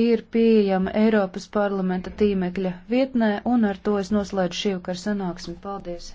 ir pieejama Eiropas parlamenta tīmekļa vietnē, un ar to es noslēdzu šī vakar sanāksmi. Paldies!